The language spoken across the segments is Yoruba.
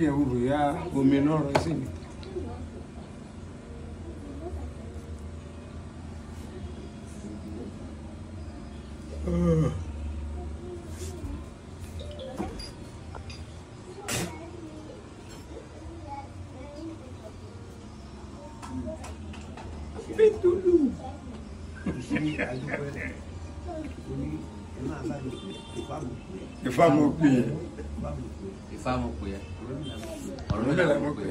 ìyẹ̀wò bóyá omi náà mo pè é. Ìfá mo pè é náà la mọ̀ pé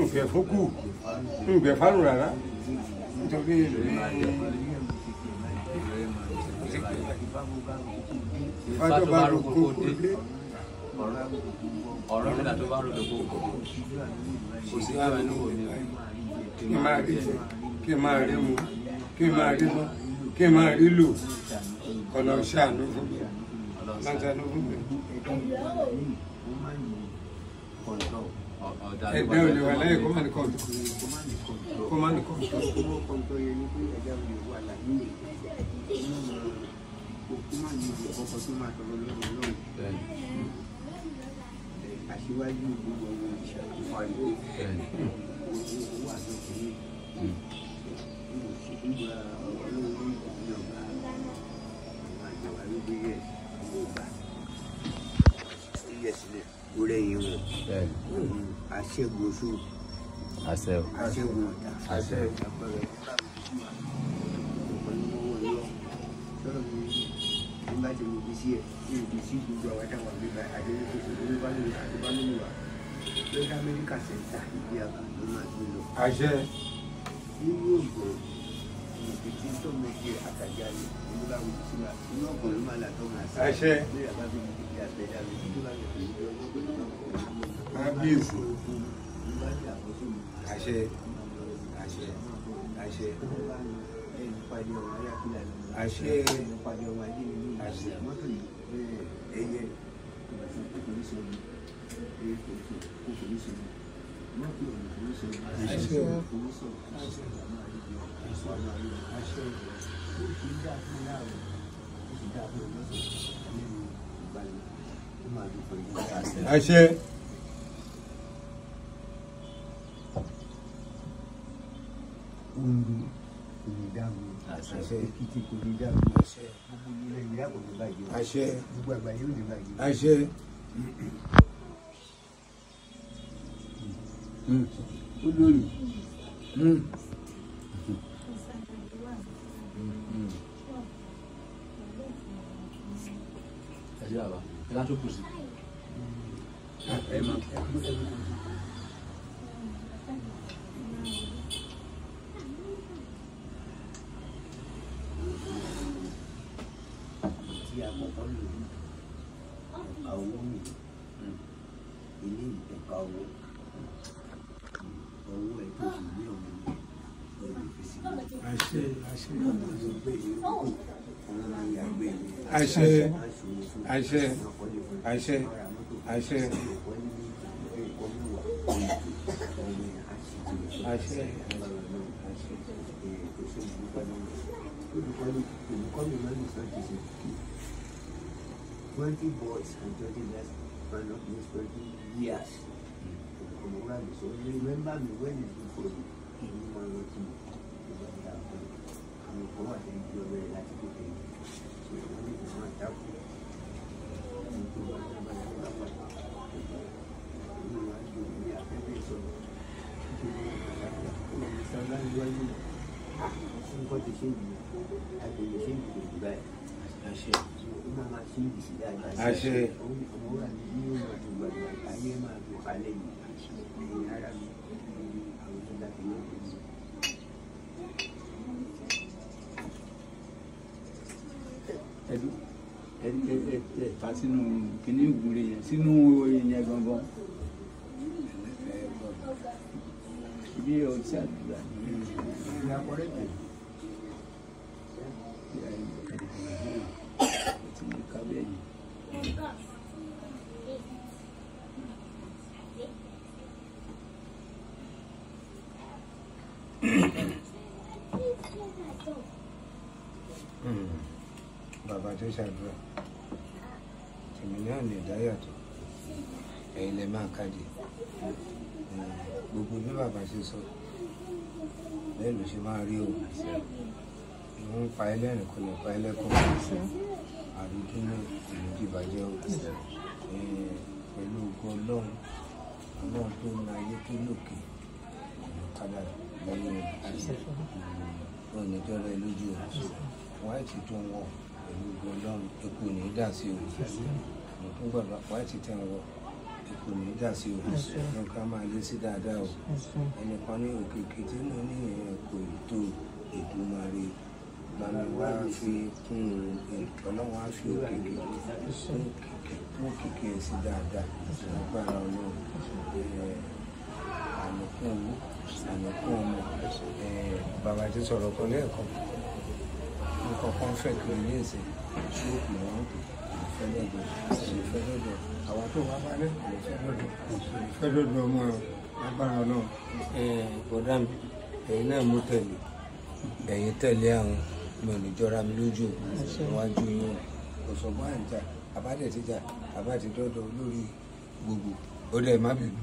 nǹkan fókù nǹkan fánù rárá nítorí fájọ́ bá ro kókó dé ọ̀rọ̀ nígbà tó bá ro kókó kò sí káwé ní òní. kí n máa rí jẹ kí n máa rí mu kí n máa rí mu kí n máa rí lò ọ̀nà ṣàánú fún mi. ọ̀nà ṣàánú fún mi control ẹgbẹ́ ò lè wà lẹ́yìn command control command control. command control yẹn ni pé ẹ̀dá ò lè wà láyé òkú máa ní ìdè ọkọ̀ tó máa tọrọ lọ́wọ́ lọ́wọ́ aṣíwájú gbogbo ọmọ ìṣàkóso owó àtọkùnrin ìgbà ọlọ́run ìgbà ọba àwọn àjọwà ló gbé yẹ ìgbà ó yẹ sílẹ̀ orí ẹ̀yìn wọn àṣẹgun hmm, oṣù àṣẹgun ọ̀tá àpẹẹrẹ nígbà tí mo fi sí ẹ ní ibi sí gbogbo àwọn táwọn àgbẹ̀ bá àdéhùn tó ṣe lórí bá lóyún àti bá lóyún wa lọ́dọ̀ amẹ́ríkà sẹ́ńtà ìdí àgbà ló máa gbé lọ. àṣẹ. nínú ògbọ́n ìpètè tó mọ ṣe àtàjà yìí ìlú bá wù sí wa inú ọkàn ló máa là tó máa sá àṣẹ ní ìyàbá fi ní ìdílé àbẹ̀dá mi tó bá yẹ kó ní ọgbọ́n pé náà kò ní mọ̀ kábíyèsí ló bá ṣe àkóso sọ̀rọ̀ rẹ̀ aṣọ rẹ̀ hmm. hmm. ó ti dá fún láàrọ̀ ó ti dá fún lọ́sẹ̀ nínú ìgbàlẹ̀ ó máa dúpọ̀ ìgbà àṣẹ. Nàìjíríà wa ẹ bá tó kù sí. tí a kọ́kọ́ lò ní ẹ̀ka owó mi ilé ìtẹ̀ka owó owó ẹ̀ tó fi ní ọmọ mi ẹ̀rù ìfèsì. àṣẹ àṣẹ àṣẹ. I say. I say. Twenty boys and twenty less for not this twenty years. So remember me when you. You want to i you very much. nǹkan ti ṣe yìí àti lè ṣe yìí lòdì báyìí. àṣẹ. ó máa ma ṣe yìí sí dáadáa. àṣẹ. ọmọ wa ní ní ìwà tó gbàgbà ayé máa tó kalẹ̀ yìí. ìyára mi àwọn ọmọdé àti ìyá mi. ta sínú kìnní ìwúre yẹn sínú yẹn gangan bí ọtí àdúrà hmm. Bàbá tó ṣàdúrà ní àmì ẹ̀dá yàtọ̀ ẹ̀yin lẹ máa káde gbogbo bí bàbá ṣe sọ bẹ́ẹ̀ ló ṣe máa rí o ìwọ̀n pa ẹlẹ́rìn kò lè pa ẹlẹ́kọ̀ọ́ àrídúnú ìlójú ìbàjẹ́ o pẹ̀lú ògùn ọlọ́run ọlọ́run tó ń ayé tó lòkè ọ̀nà kádà lẹ́yìn o ní jọ́rọ̀ lójú o wọ́n á ti wọ̀ pẹ̀lú ògùn ọlọ́run epo ní dà sí o àwọn tó gbàdúrà pa àti tẹ̀ ń wọ èkó ní dà sí o ní ká máa lé sí dáadáa o ẹnì kan ní òkè kejì náà ní ẹ̀kọ́ ètò Èdùmàrè bàmí wá fi kún ọlọ́wọ́n á fi òkè kejì fún kìkì sí dáadáa nígbàrá ọlọ́run àmọ̀kún owó àmọ̀kún ọmọ bàbá ti sọ̀rọ̀ kan lẹ́ẹ̀kan nǹkan kan fẹ́ kiri ní ẹ̀sìn ṣóòkù wọn pè é fẹ́ lọ́dọ̀ èmi fẹ́ lọ́dọ̀ àwọn tó wá bá lẹ́ èmi fẹ́ lọ́dọ̀ èmi fẹ́ lọ́dọ̀ ọmọ agbára náà. bọ̀dá mi ẹ̀yin náà mú tẹ̀lé ẹ̀yin tẹ̀lé àwọn mi ò ní jọra mi lójú níwájú yín kò sọ bọ́ àǹjà àbádẹ̀ tíjà àbádẹ̀ dọ́dọ̀ lórí gbogbo ó dẹ̀ má bínú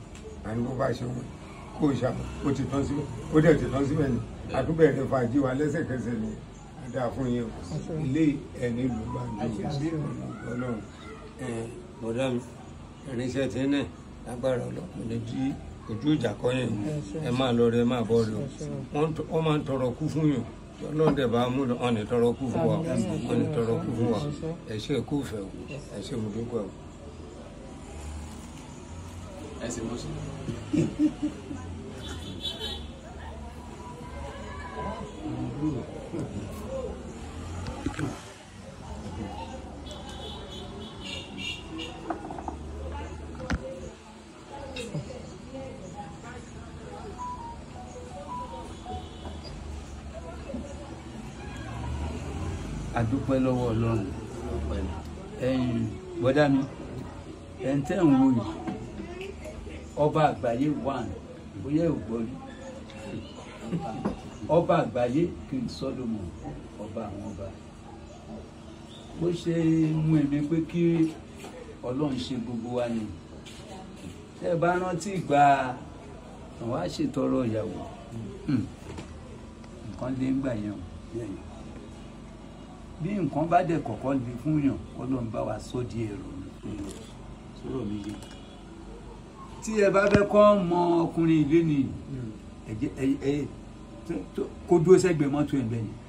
àní bó bá ṣe wọ́n kó ìṣàkó ó ti tán síbẹ̀ ó dẹ̀ ti tán síbẹ̀ ni àtúbẹ̀rẹ̀ fàájì wa lẹ́sẹ̀kẹsẹ̀ nìyẹn dáa fún yín ilé ẹni ló bá ní ọlọ́run bọ̀dá mi irinṣẹ́ tí ń nẹ̀ lágbára ọlọ́kùnrin lè di ojú ìjà kọyìn ẹ máa lọ rẹ ẹ máa bọ̀ rẹ o wọ́n máa ń tọrọ kú fún yàn lọ́nà dẹ̀ bá mú wọn ní tọrọ kú fún wa wọn ní tọrọ kú fún wa ẹ ṣe kú fẹ́ o ẹ ṣe mú dúpẹ́ o. Thank you. àdúpẹ́ lọ́wọ́ ọlọ́run ẹ̀yin bọ́dá mi ẹ̀yin tẹ́ ń wo yìí ọba àgbáyé wà bóyá ò gbọ́ rí ọba àgbáyé King Solomon ọba àwọn ọba bó ṣe mú èmi pé kí ọlọ́run ṣe gbogbo wa ni tẹ́ ẹ bá rántí ìgbà àwọn àṣetọrọ ìyàwó hmm. nǹkan lé ń gbà yẹn o bí nǹkan bá dẹ̀ kọ̀kọ́ lè fún yàn ọlọ́run bá wa sọ di èrò èrò sọ̀rọ̀ mi yé tí ẹ bá fẹ́ kọ́ mọ ọkùnrin ilé ni kó dúró sẹ́gbẹ̀ẹ́ mọ́tò ẹ̀ bẹ́ẹ̀ yẹn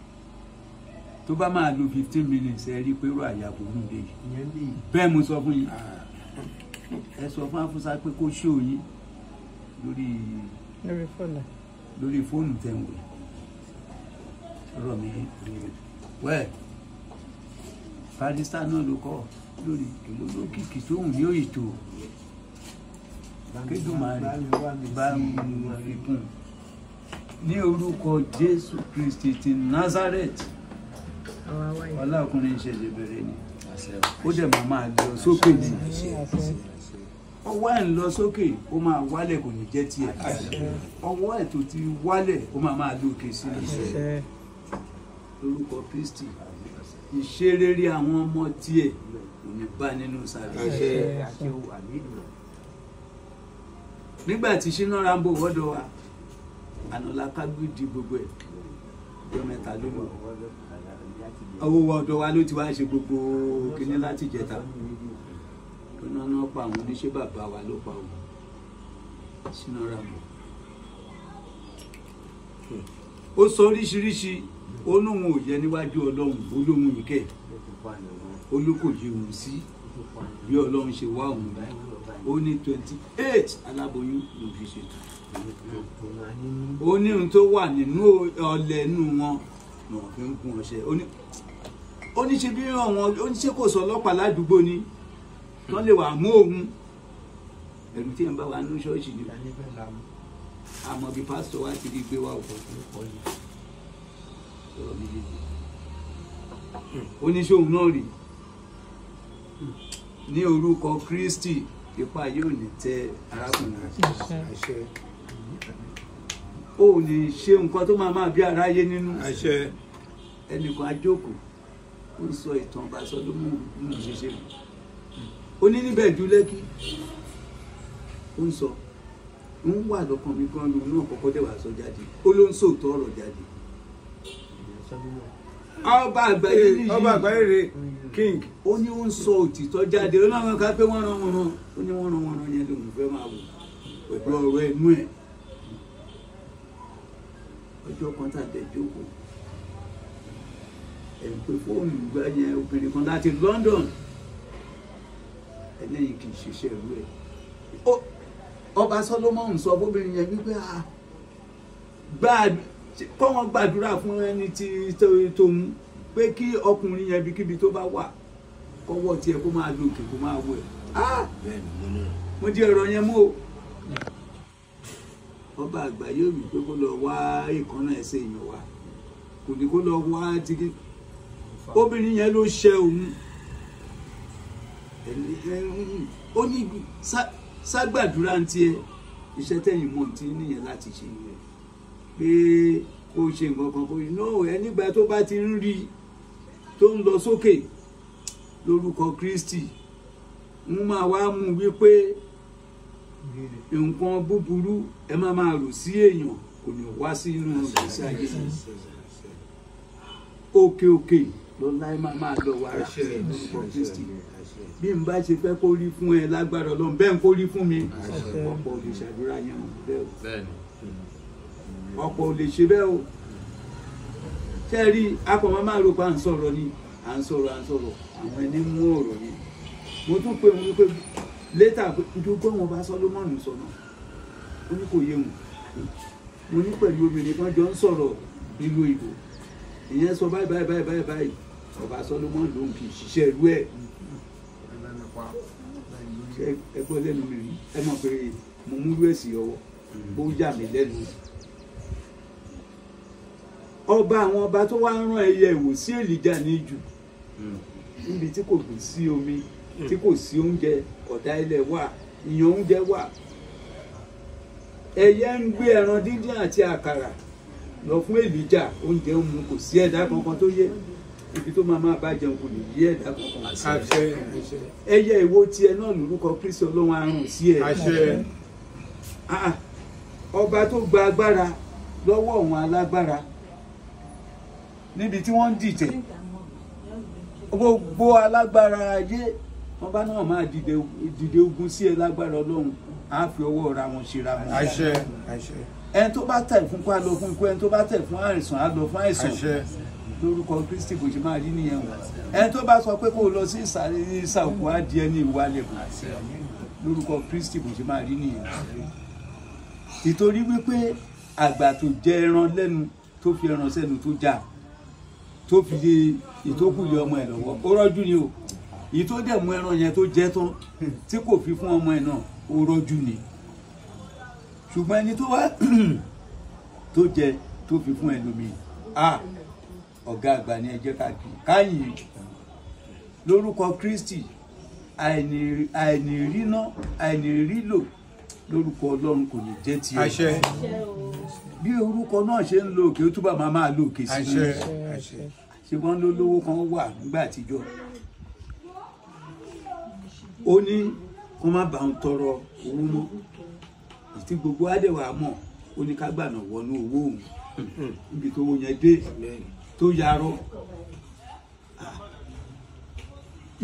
tó bá máa lo fifteen minutes ẹ rí i pé ró àyàbò ń lè bẹ́ẹ̀ mo sọ fún yín ah. ẹ sọ fún afúnṣá pé kó ṣó yín lórí lórí fóònù tẹ̀ ń wò rọ̀ wẹ́ẹ̀ barista náà ló kọ́ lórí olókìkí tóun ní òyìtò kédùmarè bá mi rìkún ní orúkọ Jésù Kristi ti Nazareth ọlá ọkùnrin ìṣẹ̀lẹ̀ bẹ̀rẹ̀ ni ó dẹ̀ máa máa lọ sókè ni ọwọ́ ẹ̀ ń lọ sókè ó máa wálẹ̀ kò ní jẹ́ tiẹ̀ ọwọ́ ẹ̀ tó ti wálẹ̀ ó máa máa lókè sí i lórúkọ Kristi ìṣerere àwọn ọmọ tiẹ̀ kò ní bá nínú sàrẹ́. nígbà tí Shina Rambo wọ́dọ̀ wa ànàlá kágbìdì gbogbo ẹ̀ ọjọ́ mẹ́ta ló lọ owó ọ̀dọ̀ wa ló ti wá ṣe gbogbo kínní láti jẹta lọ́nà náà pa àwọn oníṣẹ́ bàbá wa ló pa òun Shina Rambo ó sọ oríṣiríṣi ó lóun ò jẹ níwájú ọlọ́run olóhun ìkẹ́ olóko yìí òun sí bí ọlọ́run ṣe wá òun báyìí ó ní twenty eight aláboyún ló fi ṣètò ó ní ohun tó wà nínú ọlẹ̀ inú wọn ni wọ́n fi ń kun ọṣẹ ó ní ṣe bí àwọn oníṣẹ́ kò sọ ọlọ́pàá ládùúgbò ni wọ́n lè wà mú òun ẹ̀rù tí ẹ̀ ń bá wa ní ṣọ́ọ̀ṣì ni àmọ́ bí pásítọ̀ wa ti rí gbé wa òkò tó kọ́ yìí lọ́rọ̀ méjèèjì oníṣòwò náà rèé ní orúkọ Kristi ipa yóò ní tẹ arákùnrin àṣẹ ó ní ṣe nǹkan tó máa máa bí aráyé nínú àṣẹ ẹnìkan ajókòó ó ń sọ ìtàn ọba Sólómọ́nì nínú ṣíṣe ó ní níbẹ̀ ju lẹ́kí ó ń sọ ń wà lọ́kàn mi gan lòun náà kọ́kọ́ dẹ̀ wá sọ jáde ó ló ń sòótọ́ ọ̀rọ̀ jáde ọba àgbáyé ọba àgbáyé rè king. ó ní ó ń sọ òtítọ́ jáde ó láwọn ká pé wọ́n ran wọn ran ó ní wọ́n ran wọn ran yẹn lòun fẹ́ máa wò pẹ̀lú ọ̀rọ̀ ẹnu ẹ̀ ọjọ́ kan tàbí ẹ̀jókòó ẹ̀rù pé fóònù gbá yẹn obìnrin kan láti London ẹlẹ́yìn kì í ṣiṣẹ́ ìlú ẹ̀ ọba Solomon sọ fóbìnrin yẹn wípé ah, gbáàdì kọ́ wọn gbàdúrà fún ẹni tí tòun pé kí ọkùnrin yẹn ibikíbi tó bá wà kọ́wọ́ tiẹ̀ kó máa lòkè kó máa wẹ̀ ah! mo di ọ̀rọ̀ yẹn mú o ọba àgbà yóò wí pé kó lọ wá ìkànnà ẹsẹ̀ èèyàn wa kò ní kó lọ wá tigi obìnrin yẹn ló ṣe òun ó ní ságbàdúrà ń tiẹ̀ iṣẹ́ tẹ̀yìn mọ̀ tí nìyẹn láti ṣe nìyẹn pé kó o ṣe nǹkan kan kó o ṣe náà ẹnìgbà tó bá ti ń rí tó ń lọ sókè lórúkọ Kristi ń máa wá mú wípé nǹkan búburú ẹ má máa rò sí èèyàn kò ní wá sínú ìgbésí ayé òkè òkè lọ́la ẹ má máa lọ wá lórúkọ Kristi bí n bá ṣe fẹ́ kó rí fún ẹ lágbára Ọlọ́run bẹ́ẹ̀ kó rí fún mi ọ̀pọ̀ olùṣàdúrà yẹn bẹ́ẹ̀ ọ̀pọ̀ ò lè ṣe bẹ́ẹ̀ o ṣe rí akọ̀mọ́ máa rò pé à ń sọ̀rọ̀ ni à ń sọ̀rọ̀ à ń sọ̀rọ̀ àwọn ẹni mú ọ̀rọ̀ ni mo tún pé mo pé létà pé dúpẹ́ wọn bá Solomon sọnà ó ní kò yé wọn mo ní pẹ̀lú obìnrin kan jọ ń sọ̀rọ̀ nílùú ìbò ìyẹn sọ báyìí báyìí báyìí báyìí báyìí ọba Solomon ló ń kì ṣiṣẹ́ irú ẹ̀ ẹgbọ́n lẹ́nu mi rí ẹ mọ̀ pé mo múlú èsì ọwọ́ ó yà mí lẹ́nu ọba àwọn ọba tó wá rán ẹyẹ ìwò sí èlìjà ní jù hmm. níbi tí kò gbìn sí omi hmm. tí kò sí oúnjẹ ọ̀dá ilẹ̀ wà ìyàn oúnjẹ wà ẹyẹ ń gbé ẹran díndín àti àkàrà lọ fún èlìjà oúnjẹ ó mu kò sí ẹ̀dá kankan tó yẹ ibi tó máa máa bá jẹun kò ní yí ẹ̀dá kankan ẹyẹ ìwo tiẹ̀ náà lórúkọ kristi ọlọ́run àrùn sí ẹ̀ ah, ah. ọba tó gba agbára lọ́wọ́ àwọn alágbára níbi tí wọ́n ń dìtẹ̀ gbogbo alágbára ayé wọ́n bá náà máa dìde ogun sí ẹ lágbára ọlọ́run á fi ọwọ́ ra wọn ṣe ra wọn. àṣẹ àṣẹ. ẹni tó bá tẹ̀ fún kó á lọ fún ikú ẹni tó bá tẹ̀ fún àìsàn á lọ fún àìsàn. àṣẹ lórúkọ kristi kò ṣe máa rí nìyẹn o ẹni tó bá sọ pé kó o lọ sí ìsàlẹ̀ ní ìsà á di ẹni ìwalẹ̀ kù lórúkọ kristi kò ṣe máa rí nìyẹn ìtorí wípé àgbà tó jẹ ẹran lẹ́nu tó fi ẹran sẹ́nu tó já tó fi lé ìtókùlé ọmọ ẹ̀ lọ́wọ́ ó rọ́jú ni o èyí tó dẹ̀ mú ẹran yẹn tó jẹ́ tán tí kò fi fún ọmọ ẹ̀ náà ó rọ́jú ni ṣùgbọ́n ẹni tó wá tó jẹ tó fi fún ẹlòmíì a ọ̀gá àgbà ni ẹ jẹ́ káàkiri káyìn lórúkọ Kristi àìníríná àìnírílò lórúkọ Ọlọ́run kò ní jẹ́ tiẹ̀ bí orúkọ náà ṣe ń lo òkè ó túbọ̀ máa máa lo òkè sí i ṣe wọ́n ló lówó kan wà nígbà àtijọ́ ó ní kó má bàa ń tọrọ owó mọ́ àti gbogbo adẹ̀wà mọ̀ ó ní ká gbàna wọnú owó òun níbi tó yẹn dé tó yarọ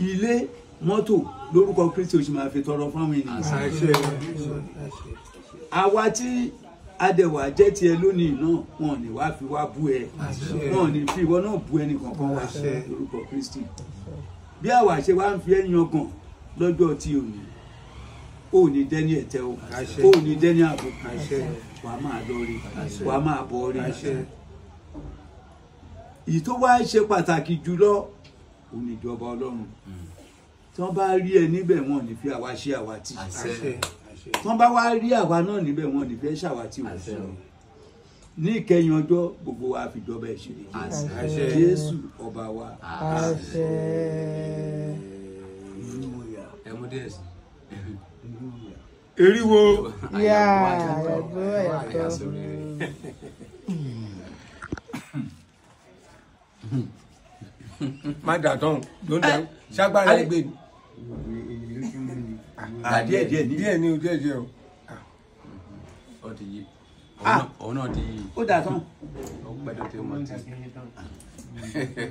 ilé mọ́tò lórúkọ Kristi oṣù máa fi tọrọ fáwọn ènìyàn àwa tí adẹwà jẹ tiẹ lónìí náà wọn ò ní wá fi wá bú ẹ wọn ò ní fi ìwọ náà bú ẹnì kankan wá lórúkọ Kristi bí àwa ṣe wá ń fi ẹyìn ọgàn lọ́jọ́ tí ò ní dẹ́ni ẹ̀tẹ́ o ò ní dẹ́ni àbùkù wàá máa lọ rí wàá máa bọ̀ rí èyí tó wá ṣe pàtàkì jùlọ òun ìjọba Ọlọ́run hmm. tí wọ́n bá rí ẹ níbẹ̀ wọn ò fi àwa ṣe àwa tì tán bá wá rí àwa náà níbẹ̀ wọn ní fẹ́ ṣàwátì òun sí ọ ní ìkẹyìn ọjọ́ gbogbo wa fìjọba ìṣèlú Jésù ọba wa. eriwo. má dà tán ló ń dá ṣágbára ẹgbẹ́ mi. Ah, díẹ̀ díẹ̀ ni díẹ̀ ni o díẹ̀ díẹ̀ o. ọ ah. ti yí ah. òun náà ti yí. ó dà tán. ó pẹ́ tó ti mọ́ ti.